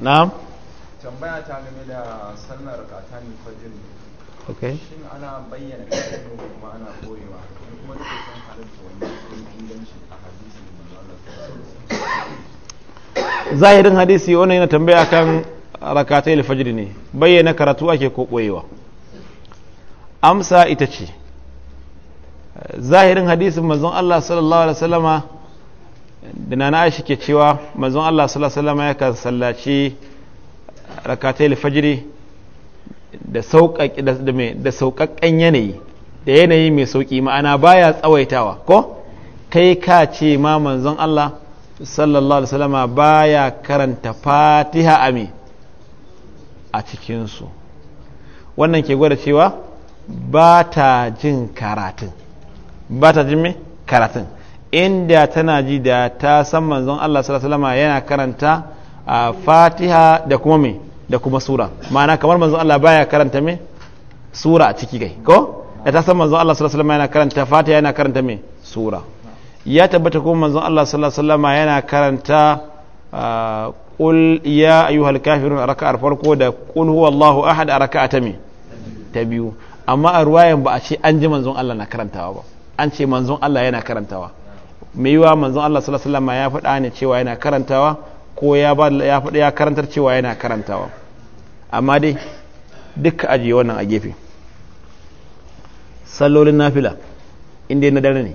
na'am tambaya ta game da sallar katani fajr ok shin ana bayyana kasar yau kuma ana koyewa kuma duk san wani wannan inganci a hadisi da manzo zahirin hadisi wannan yana tambaya kan rakatai alfajr ne bayyana karatu ake ko koyewa amsa ita ce zahirin hadisin manzon Allah sallallahu alaihi wasallama da na aisha ke cewa manzon Allah sallallahu ya kan sallaci rakatai alfajiri da sauƙaƙƙen yanayi da yanayi mai sauƙi ma'ana baya tsawaitawa ko kai ka ce ma manzon Allah sallallahu alaihi baya karanta fatiha a me a cikinsu wannan ke gwada cewa ba ta jin karatun ba ta jin me karatun inda tana ji da ta san manzon Allah sallallahu alaihi yana karanta a Fatiha da kuma me da kuma sura ma'ana kamar manzon Allah baya karanta me sura a ciki kai ko da ta san manzon Allah sallallahu alaihi yana karanta Fatiha yana karanta me sura ya tabbata kuma manzon Allah sallallahu alaihi yana karanta qul ya ayyuhal kafirun a raka'ar farko da qul huwallahu ahad a raka'a ta me ta biyu amma a ruwayan ba a ce an ji manzon Allah na karantawa ba an ce manzon Allah yana karantawa mai yiwa manzon Allah sallallahu alaihi wasallam ya faɗa ne cewa yana karantawa ko ya ba ya faɗa ya karantar cewa yana karantawa amma dai duka ajiye wannan a gefe sallolin nafila inda na dare ne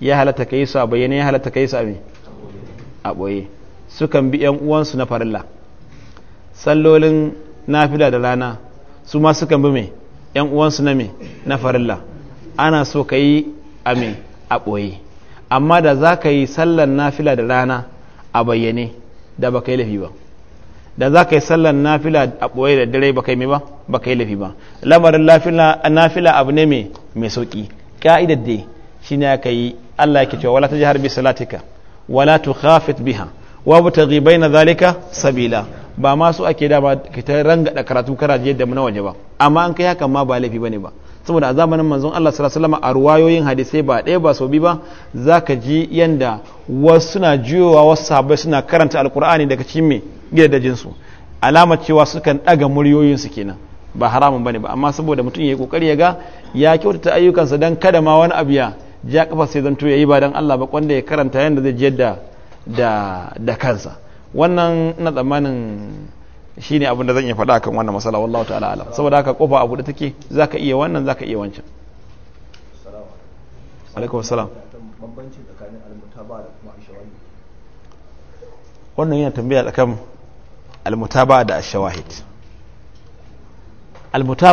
ya halatta kai su a bayyane ya halatta kai su a me a boye sukan bi yan uwansu na farilla sallolin nafila da rana su ma sukan bi me yan uwansu na me na farilla ana so ka yi a me a boye amma da za ka yi sallan nafila da rana a bayyane da ba ka yi lafi ba da za ka yi sallan nafila a ɓoye da dare ba ka yi ba ba ka yi lafi ba lamarin nafila abu ne mai sauƙi ƙa'idar da shi ne ka yi allah yake cewa wala ta jihar bi salatika wala tu khafit biha wa bu ta na zalika sabila ba masu ake da ba ka ta rangada karatu karaje da na waje ba amma an kai hakan ma ba laifi ba ne ba saboda a zamanin manzon Allah sallallahu alaihi wasallam a ruwayoyin hadisai ba ɗaya ba sau biyu ba zaka ji yanda wasu suna jiyowa wasu sahabbai suna karanta alkur'ani daga cikin me da jinsu alama cewa sukan daga muryoyin su kenan ba haramun bane ba amma saboda mutum yayi kokari ya ga ya kyautata ayyukansa dan kada ma wani abu ya ja kafa sai zanto yayi ba dan Allah ba kwanda ya karanta yanda zai jiyar da da kansa wannan ina tsammanin shine abin da zan iya faɗa kan wannan masala wallahu ta'ala alam saboda haka kofa abu da take zaka iya wannan zaka iya wancan alaikum assalam bambanci tsakanin almutaba da kuma ashawahid wannan yana tambaya almutaba da ashawahid almutaba